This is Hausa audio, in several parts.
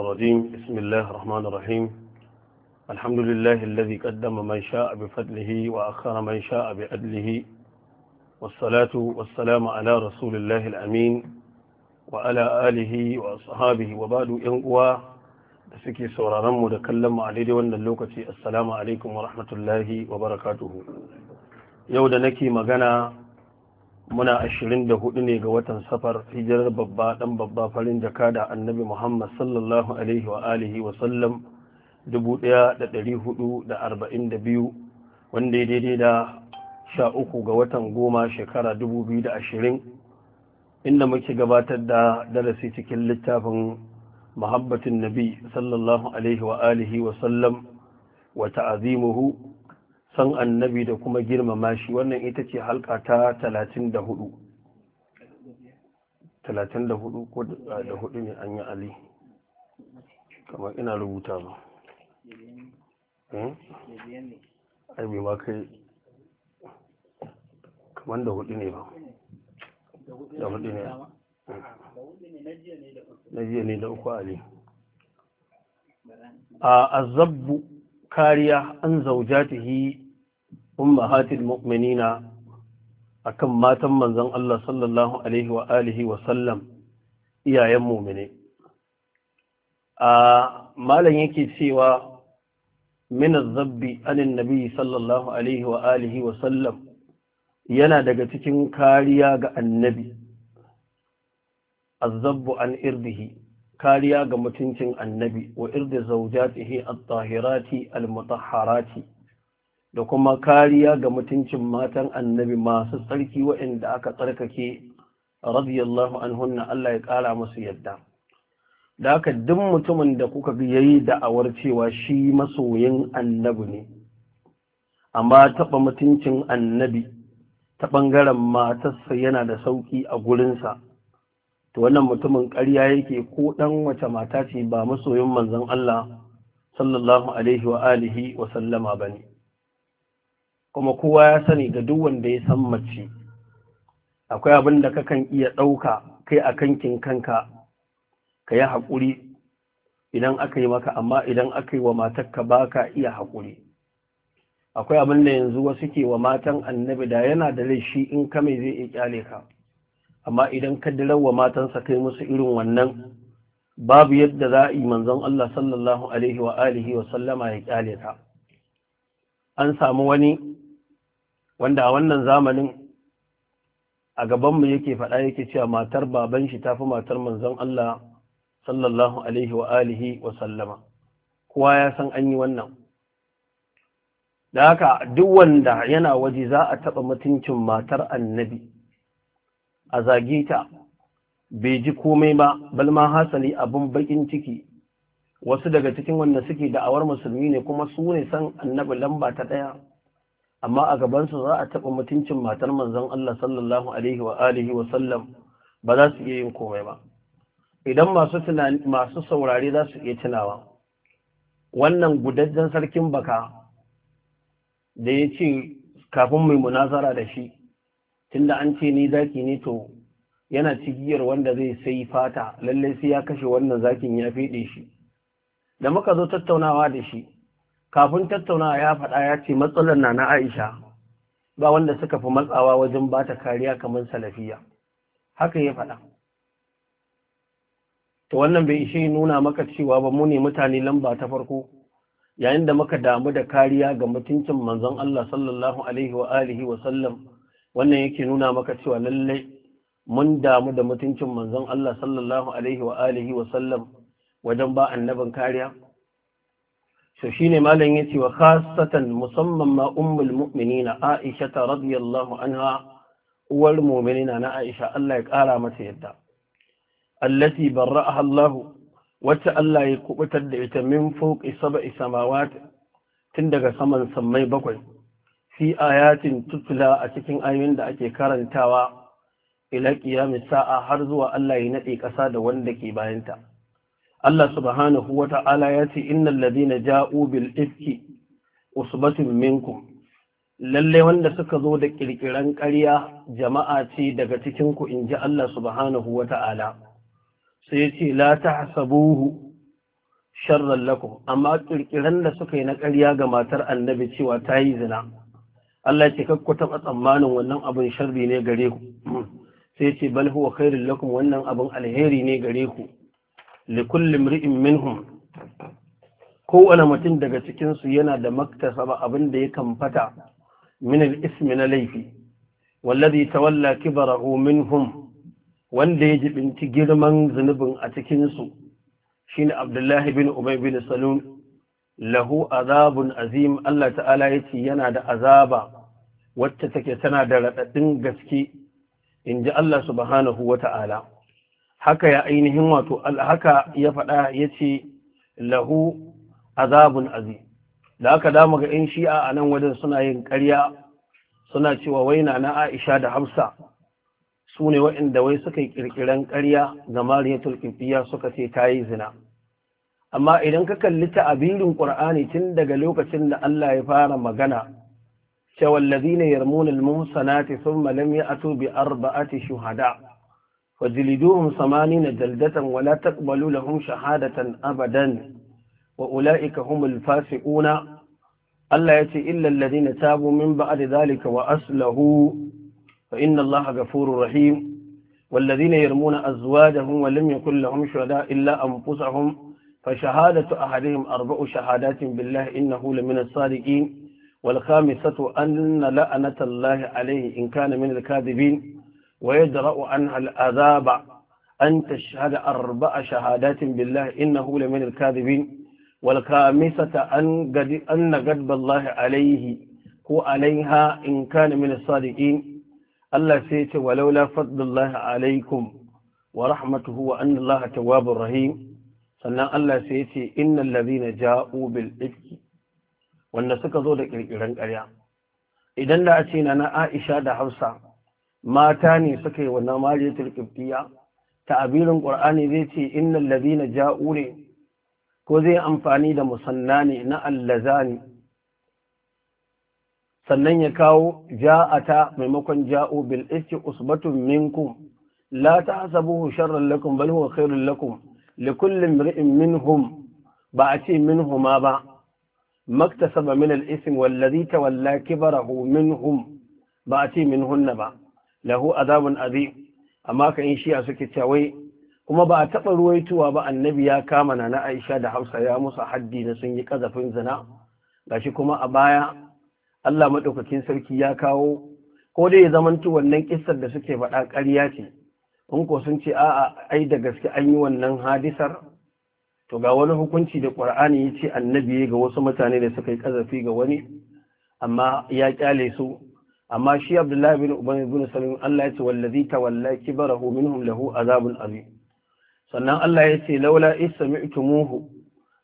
الرجيم بسم الله الرحمن الرحيم الحمد لله الذي قدم من شاء بفضله وأخر من شاء بأدله والصلاة والسلام على رسول الله الأمين وعلى آله وأصحابه وبعد إنقوى سكي سورارا مدكلم عليه وأن اللوكة السلام عليكم ورحمة الله وبركاته يود نكي مغنى muna 24 ne ga watan safar hijirar babba dan babba farin jaka da annabi muhammad sallallahu alaihi wa alihi wa sallam 1442 wanda ya daidai da 13 ga watan goma shekara 2020 inda muke gabatar da darasi cikin littafin muhabbatin nabi sallallahu alaihi wa alihi wa sallam wa ta'azimuhu san annabi da kuma girmama shi wannan ita ce halka ta 34 34 ko da hudu ne an yi ali kamar ina rubuta ba eh? ai mai ma kai kamar da hudu ne ba da hudu ne na jiya ne da uku ali a azabbu kariya an zaujatihi ummahatil mu'minina akan matan manzon Allah sallallahu alaihi wa alihi wa sallam iyayen mu'mine a malam yake cewa min az-zabbi anin nabi sallallahu alaihi wa alihi wa sallam yana daga cikin kariya ga annabi az-zabbu an irdihi kariya ga mutuncin annabi wa irda zaujatihi at-tahirati al-mutahharati da kuma kariya ga mutuncin matan annabi masu tsarki waɗanda aka tsarkake radiyallahu anhunna Allah ya kara musu yadda da haka duk mutumin da kuka ga yayi da'awar cewa shi masoyin annabi ne amma taɓa mutuncin annabi ta ɓangaren matarsa yana da sauƙi a gurinsa to wannan mutumin ƙarya yake ko ɗan wace mata ce ba masoyin manzon Allah sallallahu alaihi wa alihi wa sallama bane kuma kowa ya sani ga duk wanda ya san mace akwai abin da kakan iya ɗauka kai a kankin kanka ka yi haƙuri idan aka yi maka amma idan aka yi wa matarka ba ka iya haƙuri akwai abin da yanzu wasu ke wa matan annabi da yana da laishi in ka mai zai iya kyale ka amma idan ka wa matansa kai musu irin wannan babu yadda za a yi manzon Allah sallallahu alaihi wa alihi wa sallama ya kyale ta an samu wani wanda a wannan zamanin a gabanmu yake faɗa yake cewa matar baban shi tafi matar manzon Allah sallallahu alaihi wa alihi wa sallama kowa ya san an yi wannan da haka duk wanda yana waje za a taɓa mutuncin matar annabi a zage ta bai ji komai ba balma hasali abin bakin ciki wasu daga cikin wanda suke da'awar musulmi ne kuma su ne san annabi lamba ta ɗaya amma a gabansu za a taɓa mutuncin matar manzon Allah sallallahu alaihi wa alihi wa sallam ba za su iya yin komai ba idan masu tunani masu saurare za su iya tunawa wannan gudajjen sarkin baka da ya ce kafin mai munazara da shi tunda an ce ni zaki ne to yana cigiyar wanda zai sai fata lallai sai ya kashe wannan zakin ya fede shi da muka zo tattaunawa da shi kafin tattaunawa ya faɗa ya ce matsalar na na Aisha ba wanda suka fi matsawa wajen ba ta kariya kamar salafiya haka ya faɗa to wannan bai ishe nuna maka cewa ba mu ne mutane lamba ta farko yayin da muka damu da kariya ga mutuncin manzon Allah sallallahu alaihi wa alihi wa sallam wannan yake nuna maka cewa lallai mun damu da mutuncin manzon Allah sallallahu alaihi wa alihi wa sallam wajen ba annabin kariya so shine malam yace wa khassatan musamman ma ummul mu'minina Aisha radhiyallahu anha uwar mu'minina na Aisha Allah ya kara mata yadda allati barra'aha Allah wacce Allah ya kubutar da ita min fawqi sab'i samawat tun daga saman sammai bakwai fi ayatin tutula a cikin ayoyin da ake karantawa ila qiyam sa'a har zuwa Allah ya nade kasa da wanda ke bayanta Allah subhanahu wata'ala ya ce innal ladina ja'u bil ifki usbatun minkum lalle wanda suka zo da kirkiran ƙarya jama'a ce daga cikin ku inji Allah subhanahu wata'ala sai ce la tahsabuhu sharran lakum amma kirkiran da suka yi na ƙarya ga matar annabi cewa ta yi zina Allah ya ce kakku taɓa tsammanin wannan abin sharri ne gare ku sai ce bal huwa khairul lakum wannan abin alheri ne gare ku li kulli mri'in minhum kowane mutum daga cikin su yana da maktasaba abin da ya kamfata min al-ismi na laifi wallazi tawalla kibarahu minhum wanda ya jibinci girman zunubin a cikin su shine Abdullahi bin Ubay bin Salul lahu azabun azim Allah ta'ala ya ce yana da azaba wacce take tana da raɗaɗin gaske in ji Allah subhanahu wa ta'ala haka ya ainihin wato haka ya faɗa ya ce lahu azabun azim da aka damu ga ‘yan shi'a a nan wajen suna yin ƙarya suna cewa waina na aisha da hafsa su ne wa'inda wai suka yi ƙirƙiran ƙarya ga mariyatul kifiya suka ce ta yi zina amma idan ka kalli ta'abirin qur'ani tun daga lokacin da Allah ya fara magana cewa allazina yarmuna almuhsanati thumma lam ya'tu bi arba'ati shuhada fajliduhum samanina jaldatan wa la taqbalu lahum shahadatan abadan wa ulaika humul fasiquna Allah ya ce illa allazina tabu min ba'di dhalika wa aslahu fa inna allaha ghafurur rahim والذين يرمون أزواجهم ولم يكن illa شهداء إلا أنفسهم فشهادة أحدهم أربع شهادات بالله إنه لمن الصادقين والخامسة أن لأنة الله عليه إن كان من الكاذبين ويدرأ عنها العذاب أن تشهد أربع شهادات بالله إنه لمن الكاذبين والخامسة أن قد أن غضب الله عليه هو عليها إن كان من الصادقين الله سيت ولولا فضل الله عليكم ورحمته وأن الله تواب رحيم sannan Allah sai ya ce innal ladhina ja'u bil ifki wanda suka zo da kirkiran ƙarya idan da a ce na Aisha da Hafsa mata ne suka yi wannan mariyatul qibtiyya ta'abirin Qur'ani zai ce inna ladhina ja'u ne ko zai amfani da musanna ne na allazani sannan ya kawo ja'ata maimakon ja'u bil iski usbatun minkum la tahsabuhu sharran lakum bal huwa khairul lakum likullin ri'in minhum ba a ce minhuma ba maktasaba min al-ism wallazi tawalla kibarahu minhum ba a ce minhunna ba lahu azabun azim amma kan shiya suke cewa kuma ba a taɓa ruwaituwa ba annabi ya kama na Aisha da Hausa ya musu haddi na sun yi ƙazafin zina gashi kuma a baya Allah madaukakin sarki ya kawo ko dai ya zamantu wannan kissar da suke faɗa ƙarya ce in ko sun ce a'a ai da gaske an yi wannan hadisar to ga wani hukunci da ƙur'ani ya ce annabi ga wasu mutane da suka yi ƙazafi ga wani amma ya ƙyale su amma shi abdullahi bin ubay bin salim Allah ya ce wallazi tawalla kibarahu minhum lahu azabun azim sannan Allah ya ce laula isma'tumuhu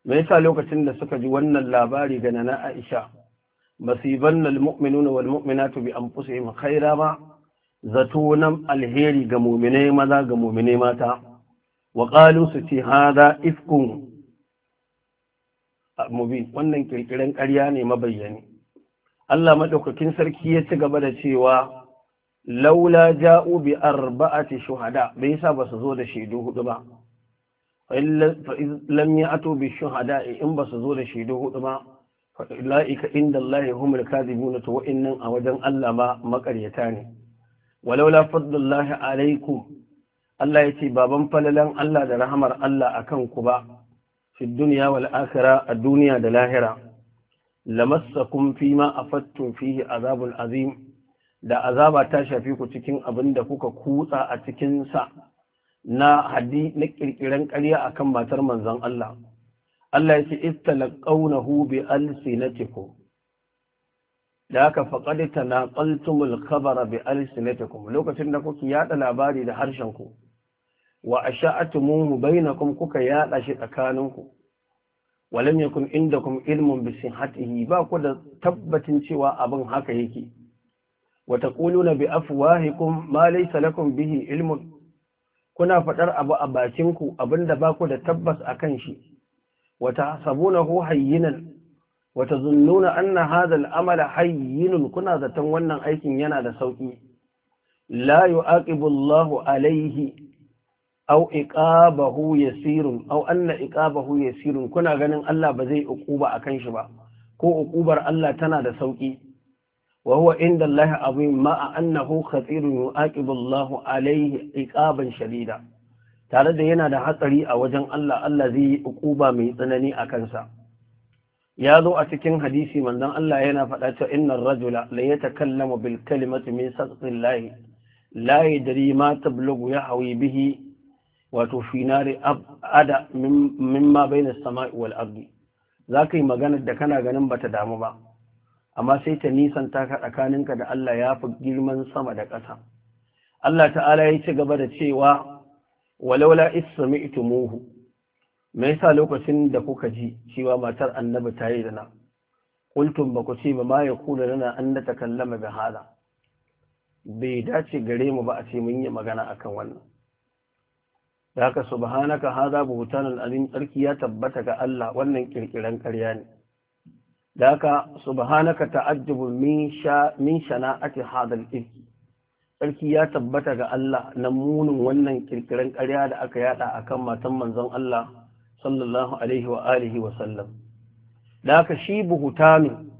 me yasa lokacin da suka ji wannan labari ga nana Aisha masiban al mu'minuna wal mu'minatu bi anfusihim khaira ba zato nan alheri ga muminai maza ga muminai mata wa qalu su ce haza, ifkun mubin wannan kirkiren ƙarya ne mabayyani Allah maɗaukakin sarki ya ci gaba da cewa laula ja'u bi arba'ati shuhada bai sa ba su zo da shaidu hudu ba lam ya'tu bi shuhada in ba su zo da shaidu hudu ba fa ulaika inda Allah humul kadhibun to wa'annan a wajen Allah ma makaryata ne walaula fadlullahi alaiku Allah ya ce baban falalan Allah da rahamar Allah a ku ba fi duniya wal akhira a duniya da lahira lamassakum ma afattum fihi azabun azim da azaba ta shafi ku cikin abin da kuka kutsa a cikin sa na hadi na kirkiran ƙarya akan matar manzon Allah Allah ya ce istalaqawnahu bi alsinatikum da aka faƙaɗi ta na ƙaltumul kabara bi alisinetikum lokacin da kuka yaɗa labari da harshenku. ku wa a na bainakum kuka yaɗa shi tsakaninku walam yakun kuma ilmin bisin hatihi ba ku da tabbatin cewa abin haka yake wa taquluna bi afwahikum ma laysa lakum bihi ilmun kuna faɗar abu a bakinku abinda ba ku da tabbas a kan shi Wata wa tahsabunahu hayyinan wata zunnuna anna hadha al-amala hayyinun kuna zaton wannan aikin yana da sauƙi. la yu'aqibu Allahu alaihi aw yasirun aw anna iqabahu yasirun kuna ganin Allah ba zai uquba akan shi ba ko uƙubar Allah tana da sauki وهو عند abin عظيم ما أنه خطير يعاقب الله عليه عقابا شديدا tare da yana da hatsari a wajen Allah Allah zai yi ukuba mai tsanani a kansa ya zo a cikin hadisi manzon Allah yana faɗa cewa innar rajula la yatakallamu bil kalimati min saqillahi la dari, ma tablugu ya hawi bihi wato fi nari ada mimma baina samai wal ardi zaka yi magana da kana ganin bata damu ba amma sai ta nisanta ka tsakaninka da Allah ya fi girman sama da ƙasa Allah ta'ala ya ci gaba da cewa walaula is sami'tumuhu me yasa lokacin da kuka ji cewa matar annabi ta yi zina kultum ba ku ce ba ma ya kula lana an da takallama bi hada bai dace gare mu ba a ce mun yi magana akan wannan da haka subhanaka hada buhtanan alim tsarki ya tabbata ga Allah wannan kirkiran ƙarya ne da haka subhanaka ta'ajjubun min sha min shana'ati hadal ifki tsarki ya tabbata ga Allah na munin wannan kirkiran ƙarya da aka yada akan matan manzon Allah sallallahu alaihi wa alihi wa sallam da ka shi min.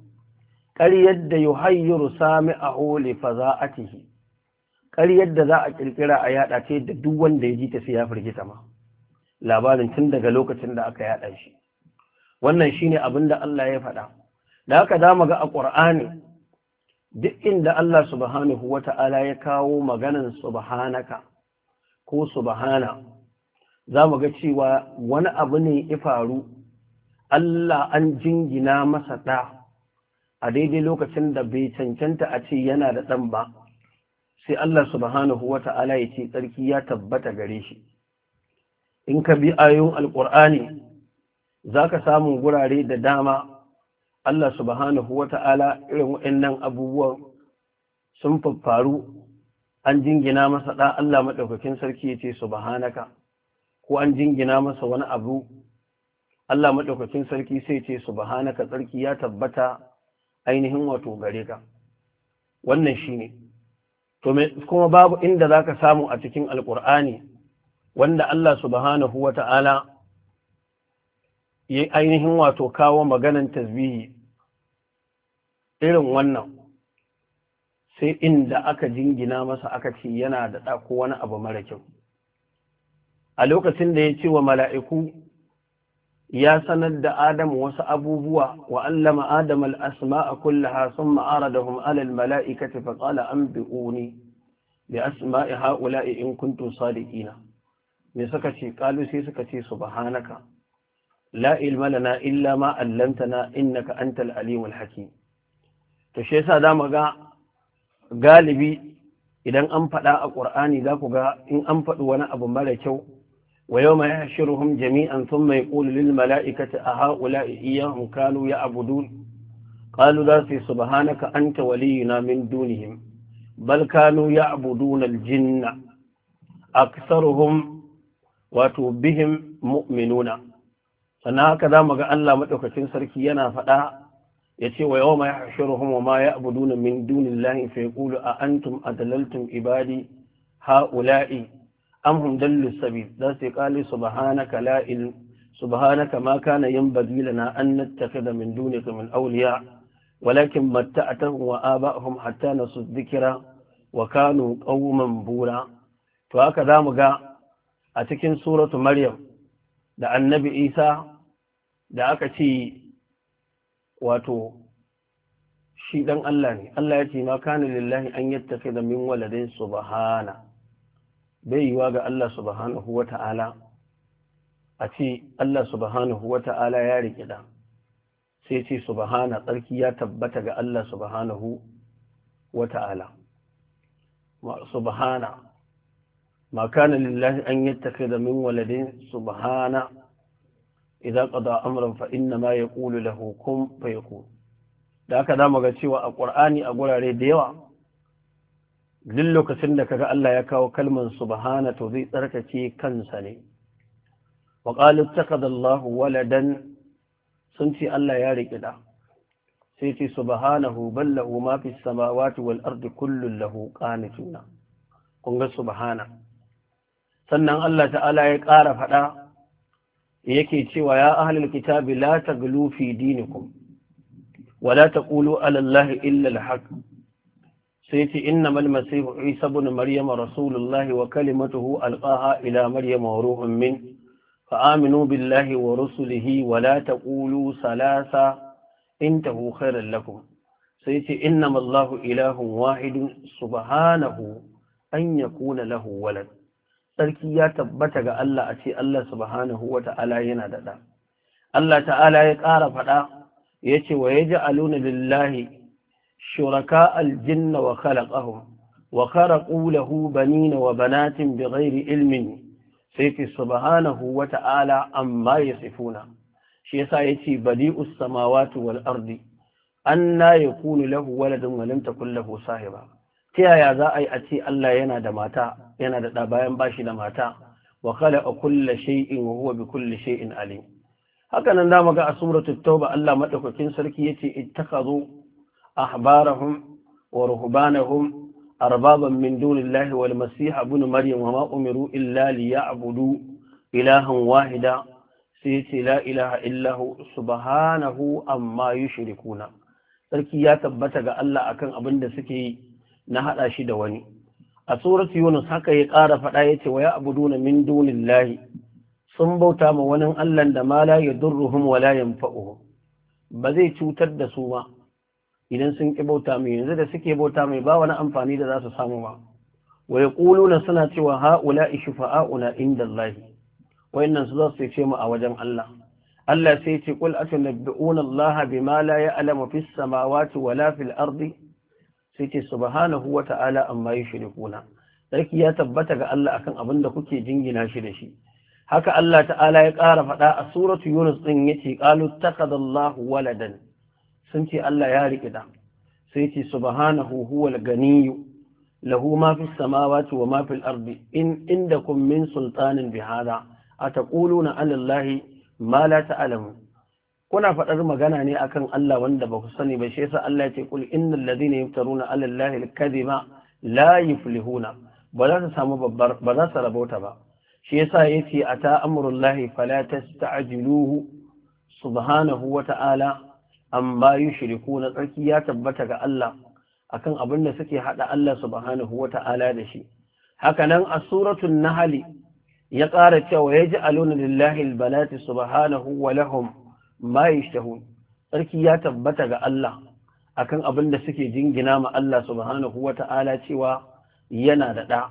ƙaryar da yuhayyiru sami a hole fa za a tihi ƙaryar da za a ƙirƙira a yada ce da duk wanda ya ji ta sai ya firgita ma labarin tun daga lokacin da aka yaɗa shi wannan shine abin da Allah ya faɗa da haka za mu ga a ƙur'ani duk inda Allah subhanahu wata'ala ya kawo maganan subhanaka ko subhana za mu ga cewa wani abu ne ya faru Allah an jingina masa ɗa a daidai lokacin da bai cancanta a ce yana da ɗan ba sai Allah subhanahu wa ta'ala ya ce tsarki ya tabbata gare shi in ka bi ayoyin alƙur'ani za ka samun gurare da dama Allah subhanahu wa ta'ala irin waɗannan abubuwan sun faffaru an jingina masa ɗa Allah maɗaukakin sarki ya ce subhanaka ko an jingina masa wani abu Allah maɗaukacin sarki sai ce subhanaka Sarki ya tabbata ainihin wato gare ka wannan shine to kuma babu inda zaka samu a cikin alqur'ani wanda Allah subhanahu wata'ala ya ainihin wato kawo maganan tasbihi irin wannan sai inda aka jingina masa aka ce yana da ɗako wani abu mara kyau a lokacin da ya ce wa mala'iku ya sanar da Adam wasu abubuwa wa allama Adam al'asma a ma'ara da hum alal mala'ikata faƙala an bi'uni da asma'i ha'ula'i in kuntu sadiqina me suka ce ƙalu sai suka ce subhanaka la ilma lana illa ma na innaka antal alimul hakim to shi yasa zamu ga galibi idan an faɗa a ƙur'ani za ku ga in an faɗi wani abu mara kyau ويوم يحشرهم جميعا ثم يقول للملائكة أهؤلاء إياهم كانوا يعبدون قالوا ذاتي سبحانك أنت ولينا من دونهم بل كانوا يعبدون الجن أكثرهم وتوبهم مؤمنون sannan haka za mu ga Allah maɗaukacin sarki yana faɗa ya ce wa yau ma ya hashiruhum wa ma ya abuduna min a antum adlaltum ibadi ha'ula'i am hum dallu sabil da sai qali subhanaka la il subhanaka ma kana yanbaghi lana an nattakhidha min dunika min awliya walakin matta'atahum wa aba'ahum hatta nasu dhikra wa kanu qauman bura to haka zamu ga a cikin suratu maryam da annabi isa da aka ce wato shi dan Allah ne Allah ya ce ma kana lillahi an yattakhidha min waladin subhana bai yiwa ga Allah subhanahu wa ta'ala a ce Allah subhanahu wa ta'ala ya riƙe da sai ce subhana tsarki ya tabbata ga Allah subhanahu wa ta'ala subhana ma kana lillahi an da min waladin subhana idan qada amran fa inna ma yaqulu lahu kun fayakun da haka zamu ga cewa a ƙur'ani a gurare da yawa duk lokacin da kaga Allah ya kawo kalman subhana to zai tsarkake kansa ne wa qalu takadallahu waladan sun ce Allah ya riƙe da sai ce subhanahu ballahu ma fi samawati wal ardi kullun lahu qanituna kun ga subhana sannan Allah ta'ala ya ƙara faɗa yake cewa ya ahlul kitabi la taglu fi dinikum wa la taqulu ala allahi illa al sai ce innamal masihu isa ibn maryama rasulullahi wa kalimatuhu alqaha ila maryama wa ruhun min fa aminu billahi wa rusulihi wa la taqulu salasa intahu khairan lakum sai ce innamallahu ilahun wahidun subhanahu an yakuna lahu walad sarki ya tabbata ga Allah a ce Allah subhanahu wa ta'ala yana da Allah ta'ala ya ƙara faɗa ya ce wa ya ji aluna lillahi شركاء الجن وخلقهم وخرقوا له بنين وبنات بغير علم سيتي سبحانه وتعالى أما يصفون شيء سايتي بديء السماوات والأرض أن يكون له ولد ولم تكن له صاحبة تيا يا ذا أي أتي الله ينادى ماتا ينادى دابايان باشي ماتا وخلق كل شيء وهو بكل شيء عليم haka nan da maga a suratul tauba Allah madaukakin sarki yace ittakhadhu أحبارهم ورهبانهم أربابا من دون الله والمسيح ابن مريم وما أمروا إلا ليعبدوا إلها واحدا سيتي لا إله إلا هو سبحانه أما يشركون sarki ya tabbata ga Allah akan abin da suke yi na haɗa shi da wani a surat yunus haka ya ƙara faɗa ya ce wa ya abuduna sun bauta ma wani Allah da ma la yadurruhum wala yanfa'uhum ba zai cutar da su ba idan sun ƙi bauta mai yanzu da suke bauta mai ba wani amfani da za su samu ba wa na suna cewa haula shufa'auna inda lahi wayannan su za su ce mu a wajen Allah Allah sai ya ce qul atunabbi'una Allah bima la ya'lamu fis samawati wala fil ardi sai ce subhanahu wa ta'ala amma kuna. sarki ya tabbata ga Allah akan abin da kuke jingina shi da shi haka Allah ta'ala ya ƙara faɗa a suratu Yunus din yace qalu takadallahu waladan sun ce Allah ya riƙe da sai ce subhanahu huwal ganiyu lahu ma fi samawati wa ma fil ardi in indakum min sultanin bi hada ataquluna ala Allah ma la ta'lamu kuna faɗar magana ne akan Allah wanda ba ku sani ba shi yasa Allah ya ce kul innal ladhina yaftaruna ala Allah al-kadhiba la yuflihuna ba za su samu babbar ba za su rabota ba shi yasa yace ata amrullahi fala tasta'jiluhu subhanahu wa ta'ala amma shiriku na tsarki ya tabbata ga Allah akan abin da suke haɗa Allah subhanahu wata'ala da shi hakanan a suratun nahali ya ƙara cewa yaj'aluna lillahi albanati subhanahu wa lahum ma shahu. tsarki ya tabbata ga Allah akan abin da suke jingina ma Allah subhanahu wata'ala cewa yana da ɗa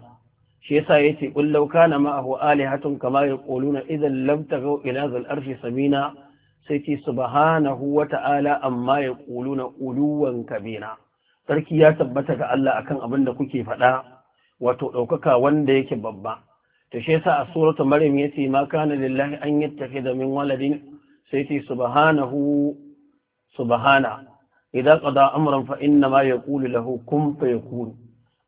shi yasa yace qul law kana ma'ahu alihatun kama yaquluna idan lam tagaw ina zal samina sai ce subhanahu wata'ala amma ya ƙulu na ƙuluwan sarki ya tabbata ga Allah akan abin da kuke faɗa wato ɗaukaka wanda yake babba to shi yasa a suratu maryam yace ma kana lillahi an yattakhidha min waladin sai ce subhanahu subhana idza qada amran fa inna ma yaqulu lahu kun fayakun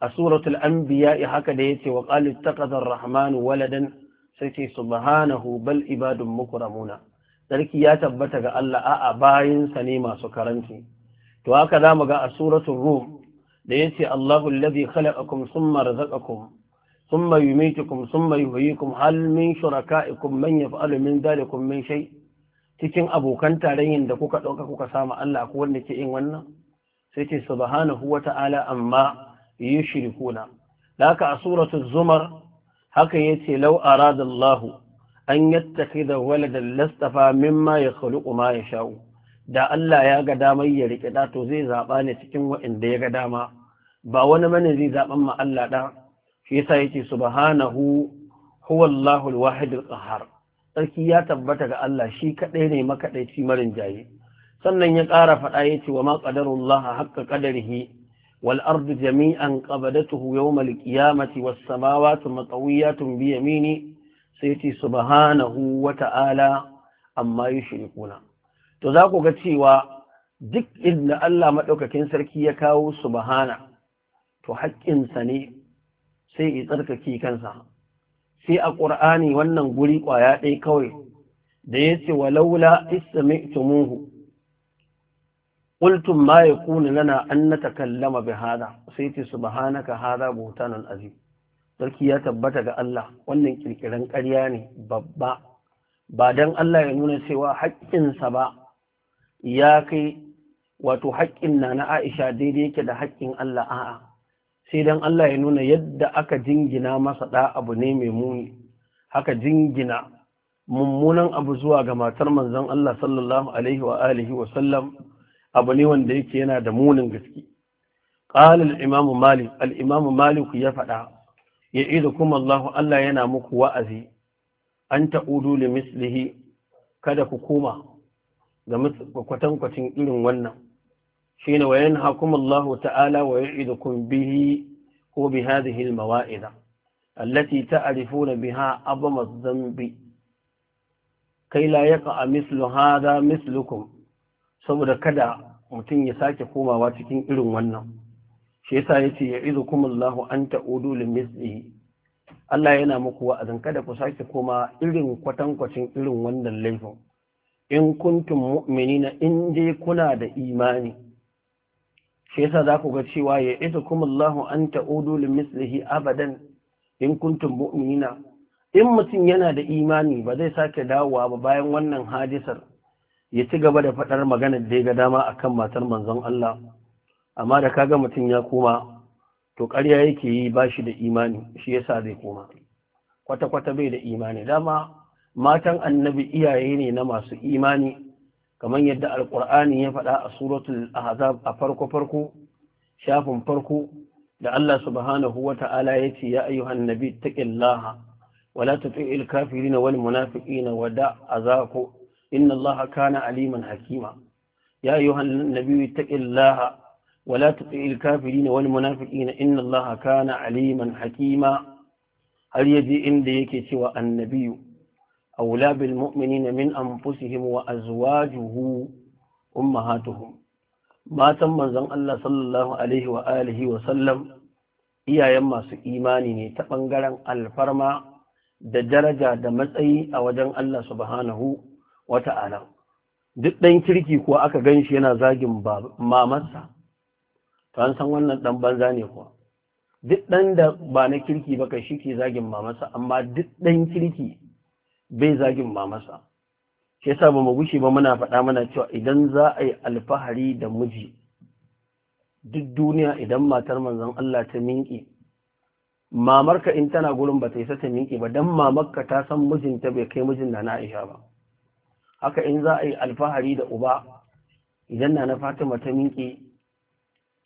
a suratul anbiya haka da yace wa qala ittakhadha rahmanu waladan sai ce subhanahu bal ibadun mukramuna sarki ya tabbata ga Allah a'a bayinsa ne masu karanci to haka zamu ga a suratun rum da yace Allahu allazi khalaqakum thumma razaqakum thumma yumitukum thumma yuhyikum hal min shuraka'ikum man yaf'alu min dhalikum min shay cikin abokan tarayyin da kuka dauka kuka sama Allah ko wanda ke yin wannan sai ce subhanahu wata'ala amma yushrikuna laka a suratul zumar haka yace law arada Allahu an da waladan lastafa mimma yakhluqu ma sha'u. da Allah ya ga damar ya rike da to zai zaɓa ne cikin waɗanda ya ga dama ba wani bane zai zaban ma Allah da shi yasa yake subhanahu huwa Allahul wahid qahhar sarki ya tabbata ga Allah shi kadai ne makadaici marin jayi sannan ya ƙara faɗa yace wa ma qadarullah haqqa qadarihi wal ardu jami'an qabadatuhu yawm al-qiyamati was samawati matawiyatun bi yamini sai ce subhanahu wa ta'ala amma kuna. to za ku ga cewa duk inda Allah maɗaukakin sarki ya kawo subhana to haƙƙinsa ne sai ya tsarkake kansa sai a ƙur'ani wannan guri ƙwaya ɗaya kawai da ya ce walaula istami'tumuhu qultum ma yakunu lana an natakallama hada sai ce subhanaka hada buhtanun azim sarki ya tabbata ga Allah wannan kirkiran ƙarya ne babba ba don Allah ya nuna cewa haƙƙinsa ba ya kai wato haƙƙin na na Aisha daidai yake da haƙƙin Allah a'a sai don Allah ya nuna yadda aka jingina masa ɗa abu ne mai muni haka jingina mummunan abu zuwa ga matar manzon Allah sallallahu alaihi wa alihi wa sallam abu ne wanda yake yana da munin gaske malik al imam malik ya faɗa. ya'idukum Allah Allah yana muku wa'azi an ta'udu li mislihi kada ku koma ga kwatankwacin irin wannan shine wayan yanhakum Allah ta'ala wa ya'idukum bihi ko bi hadhihi al-mawa'ida allati ta'rifuna biha abama dhanbi kai la yaqa mislu hadha mislukum saboda kada mutum ya sake komawa cikin irin wannan shi yasa yace kuma Allahu an ta'udu limithlihi Allah yana muku wa'azin kada ku sake koma irin kwatankwacin irin wannan laifin in kuntum mu'minina in dai kuna da imani shi yasa za ku ga cewa kuma Allahu an ta'udu limithlihi abadan in kuntum mu'minina in mutum yana da imani ba zai sake dawowa ba bayan wannan hadisar ya ci gaba da faɗar maganar da ya ga dama akan matar manzon Allah amma da kaga mutum ya koma to ƙarya yake yi ba shi da imani shi yasa zai koma kwata-kwata bai da imani dama matan annabi iyaye ne na masu imani kamar yadda alkur'ani ya faɗa a suratul ahzab a farko-farko shafin farko da Allah subhanahu wa ta'ala ya ce ya ayyuhan nabi taqillaha wala tuti'il kafirina wal munafiqina wada azaku inna Allah kana aliman hakima ya ayyuhan nabi taqillaha ولا wani الكافرين na ان الله كان عليما حكيما هل يجي inda yake cewa annabiyu awla bil mu'minina min anfusihim wa azwajuhu ummahatuhum matan manzon Allah sallallahu alaihi wa alihi iyayen masu imani ne ta ɓangaren alfarma da daraja da matsayi a wajen Allah subhanahu wa ta'ala duk ɗan kirki kuwa aka ganshi yana zagin mamansa to an san wannan dan banza ne kuwa duk dan da ba na kirki ba kai shike zagin mamasa amma duk dan kirki bai zagin mamasa shi yasa ba mu gushe ba muna faɗa mana cewa idan za a yi alfahari da miji duk duniya idan matar manzon Allah ta minki mamarka in tana gurin ba ta isa ta minki ba dan mamarka ta san mijinta bai kai mijin na Aisha ba haka in za a yi alfahari da uba idan na Fatima ta minki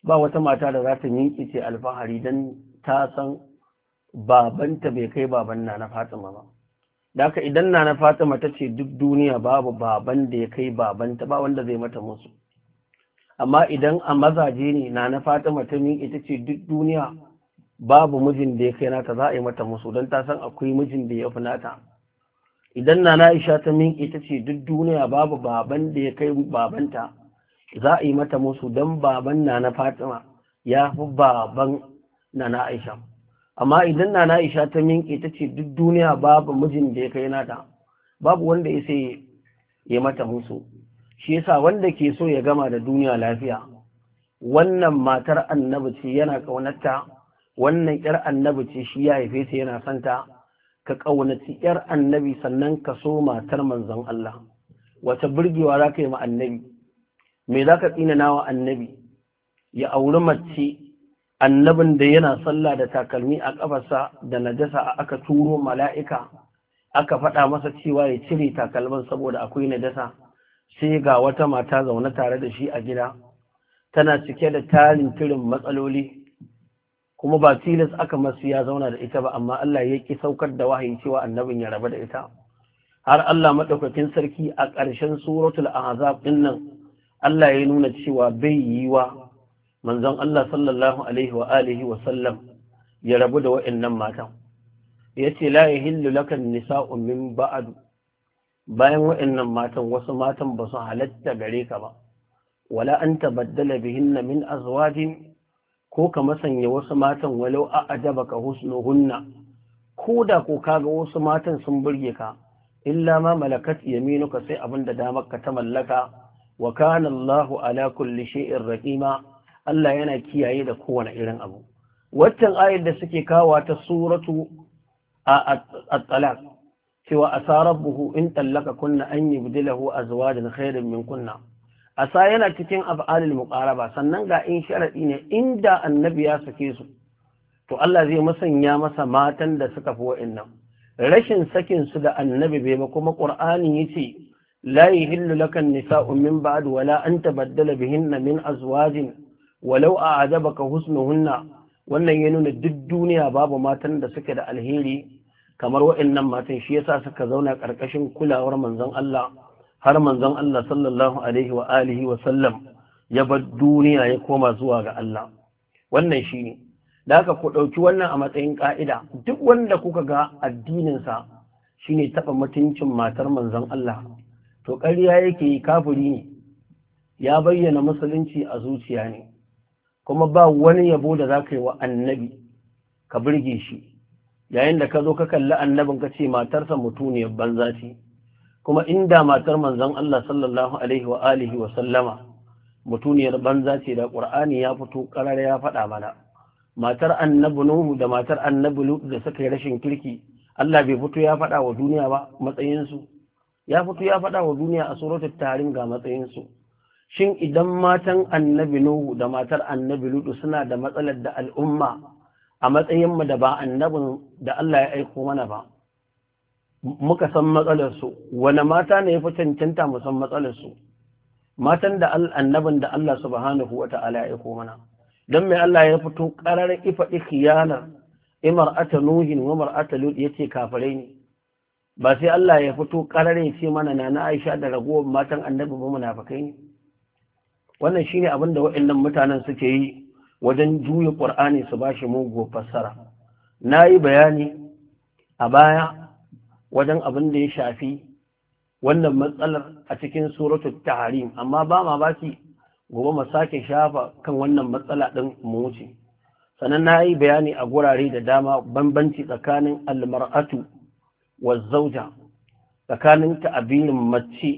ba wata mata da za ta yanki alfahari don ta san babanta bai kai baban na na fatima ba da haka idan na na fatima ta ce duk duniya babu baban da ya kai babanta ba wanda zai mata musu amma idan a mazaje ne na na fatima ta miƙe ta ce duk duniya babu mijin da ya kai nata za a yi mata musu don ta san akwai mijin da ya fi nata idan na na isha ta miƙe ta ce duk duniya babu baban da ya kai babanta za a yi mata musu don baban na fatima ya fi baban na aisha amma idan na na aisha ta minke ta ce duk duniya babu mijin da ya kai nata babu wanda ya sai ya mata musu shi yasa wanda ke so ya gama da duniya lafiya wannan matar annabi ce yana ƙaunarta wannan ƴar annabi ce shi ya haife ta yana santa ka ƙaunaci ƴar annabi sannan ka so matar manzon Allah Wace burgewa za ka yi ma annabi me za ka tsina nawa annabi ya auri mace annabin da yana sallah da takalmi a ƙafasa da najasa aka turo mala'ika aka faɗa masa cewa ya cire takalman saboda akwai najasa sai ga wata mata zaune tare da shi a gida tana cike da tarin tirin matsaloli kuma ba tilas aka masu ya zauna da ita ba amma Allah ya ƙi saukar da wahayi cewa annabin ya rabu da ita har Allah madaukakin sarki a ƙarshen suratul ahzab din nan Allah ya nuna cewa bai yiwa manzon Allah sallallahu alaihi wa alihi wa sallam ya rabu da wa'annan matan yace la yahillu laka nisa'u min ba'd bayan wa'annan matan wasu matan ba su halatta gare ka ba wala an tabaddala bihinna min azwajin ko ka masanya wasu matan walau a ajabaka husnuhunna ko da ko kaga wasu matan sun burge ka illa ma malakat yaminuka sai abin da damar ka ta mallaka wa kana Allahu ala kulli shay'in raqima Allah yana kiyaye da kowane irin abu waccan ayar da suke kawa ta suratu at-talaq cewa asa in tallaka kunna an yubdilahu azwajan khairan min kunna asa yana cikin af'alil muqaraba sannan ga in sharadi ne inda annabi ya sake su to Allah zai musanya masa matan da suka fi wa'annan rashin sakin su da annabi bai ba kuma qur'ani yace لا يهل لك النساء من بعد ولا أن تبدل بهن من أزواج ولو أعجبك حسنهن wannan ya nuna duk duniya babu matan da suke da alheri kamar waɗannan matan shi yasa suka zauna ƙarƙashin kulawar manzon Allah har manzon Allah sallallahu alaihi wa alihi wa sallam ya bar duniya ya koma zuwa ga Allah wannan shi ne da haka ku ɗauki wannan a matsayin ƙa'ida duk wanda kuka ga addininsa shine taɓa mutuncin matar manzon Allah to ƙarya yake yi kafuri ne ya bayyana musulunci a zuciya ne kuma ba wani yabo da za ka yi wa annabi ka birge shi yayin da ka zo ka kalli annabin ka ce matarsa mutuniyar banza ce kuma inda matar manzon Allah sallallahu alaihi wa alihi wa sallama mutuniyar banza ce da Qur'ani ya fito karar ya faɗa mana matar annabi Nuhu da matar annabi Lut da suka yi rashin kirki Allah bai fito ya faɗa wa duniya ba matsayinsu ya fito ya faɗa wa duniya a suratul tarin ga matsayinsu shin idan matan annabi nuhu da matar annabi lutu suna da matsalar da al'umma a matsayin mu da ba annabin da Allah ya aiko mana ba muka san matsalarsu wani mata ne ya fi cancanta mu san matsalarsu matan da annabin da Allah subhanahu wa ta'ala ya aiko mana don mai Allah ya fito ƙararar ifa ikhiyanar imar ata nuhin wa mar'ata lut yace kafare ne ba sai Allah ya fito karar ya ce mana na Aisha da ragowar matan annabi ba munafakai ne wannan shine abin da waɗannan mutanen suke yi wajen juya Qur'ani su ba bashi mugu fassara nayi bayani a baya wajen abin da ya shafi wannan matsalar a cikin suratul tahrim amma ba ma baki gobe mu sake shafa kan wannan matsala din mu wuce sannan na yi bayani a gurare da dama bambanci tsakanin almar'atu wazzauja zauja tsakanin ta'abinin mace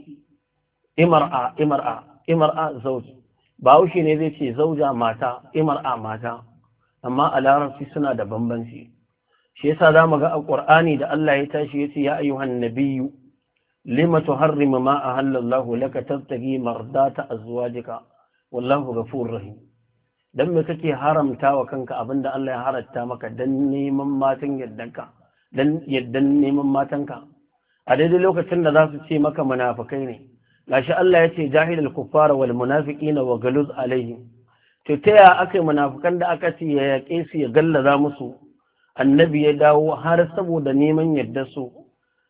imar'a imar'a imar'a zauji bahaushe ne zai ce zauja mata imar'a mata amma a larabci suna da bambanci shi yasa za mu ga a ƙur'ani da Allah ya tashi ya ce ya ayyuhan nabiyyu lima tuharrimu ma ahallallahu laka tabtagi mardata jika. wallahu ghafurur rahim dan me kake haramta wa kanka abinda Allah ya haratta maka dan neman matan yardanka dan yaddan neman matanka a daidai lokacin da za su ce maka munafukai ne gashi Allah ya ce jahilul kuffar wal munafiqina wa galuz alaihim to ta ya aka munafikan da aka ce ya yaƙe su ya gallaza musu annabi ya dawo har saboda neman yadda su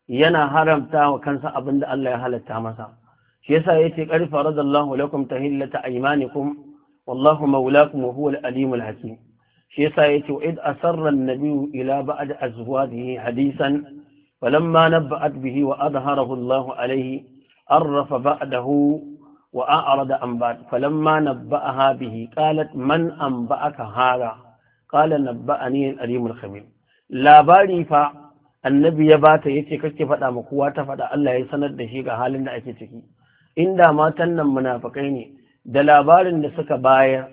yana haramta wa kansa abin da Allah ya halatta masa shi yasa yace qad faradallahu lakum tahillata aymanikum wallahu mawlakum wa huwal alimul hakim shi yasa yace wa id asarra an-nabiyyu ila ba'd azwajihi hadisan falamma nabba'at bihi wa adharahu Allahu alayhi arrafa ba'dahu wa da an ba'd falamma nabba'aha bihi qalat man anba'aka hada qala nabba'ani al niyan al-khabir labari fa annabi ya bata yace kake faɗa ma kowa ta faɗa Allah ya sanar da shi ga halin da ake ciki inda matan nan munafikai ne da labarin da suka bayar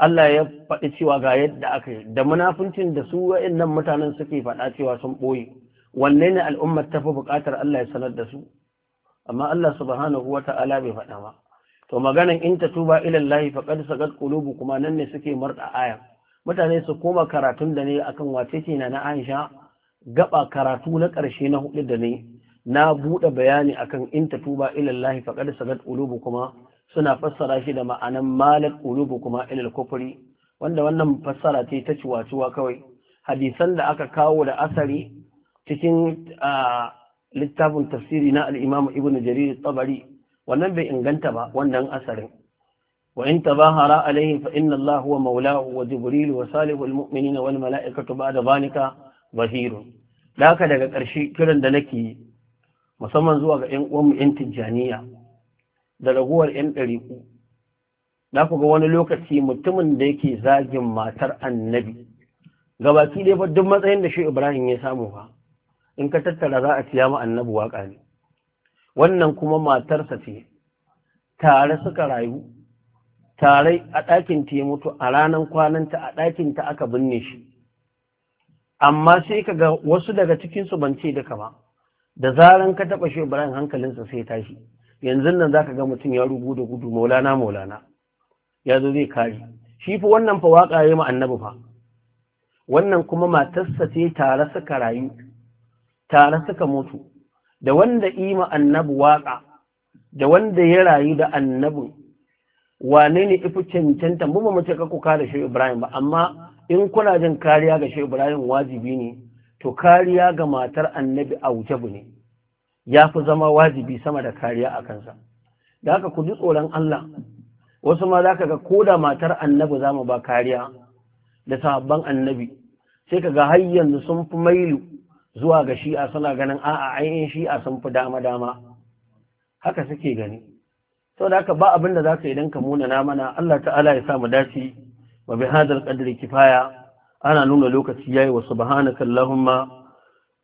Allah ya faɗi cewa ga yadda aka yi da munafuncin da su wa'annan mutanen suke faɗa cewa sun ɓoye wanne ne al'ummar ta fi buƙatar Allah ya sanar da su amma Allah subhanahu wata'ala bai faɗa ba to maganan in ta tuba ila faƙar faqad sagat qulubu kuma nan ne suke marɗa aya mutane su koma karatun da ne akan wace ce na Aisha gaba karatu na ƙarshe na hudu da ne na buɗe bayani akan in ta tuba ila Allah faqad sagat qulubu kuma suna fassara shi da ma'anan malat qulubu kuma ilal kufuri wanda wannan fassara ce ta ciwaciwa kawai hadisan da aka kawo da asari cikin littafin tafsiri na alimam imam Ibn Jarir tabari wannan bai inganta ba wannan asarin wa in tabahara alaihi fa inna Allah huwa maulahu wa jibril wa salihul mu'minina wal mala'ikatu ba'da zalika basiru. da haka daga ƙarshe kiran da nake musamman zuwa ga 'yan uwanmu 'yan tijjaniya da raguwar 'yan ku, na ku ga wani lokaci mutumin da yake zagin matar annabi gabaki dai ba duk matsayin da shi ibrahim ya samu ba in ka tattara za a siya annabi waƙa ne wannan kuma matarsa ce tare suka rayu tare a ɗakin ta ya mutu a ranar kwananta a ɗakin ta aka binne shi amma sai ka ga wasu daga cikinsu ban ce duka ba da zaran ka taɓa shi ibrahim hankalinsa sai tashi yanzu nan zaka ga mutum ya rubu da gudu maulana maulana ya zo zai kare shi fa wannan fa waka ya ma annabi fa wannan kuma matarsa ce tare suka rayu tare suka mutu da wanda ma annabi waka da wanda ya rayu da annabi wane ne ifi cancanta mu ba mace ce kare shi Ibrahim ba amma in kuna jin kariya ga shi Ibrahim wajibi ne to kariya ga matar annabi a wuce ne ya fi zama wajibi sama da kariya a kansa da haka ku ji tsoron Allah wasu ma za ka ga ko da matar annabi za mu ba kariya da sahabban annabi sai ka ga har yanzu sun fi mailu zuwa ga shi'a suna ganin a'a ainihin shi'a sun fi dama-dama haka suke gani sau da haka ba abin da za ka idan ka munana mana Allah ta'ala ya sa mu dace wa bi hadal qadri kifaya ana nuna lokaci yayi wa subhanaka allahumma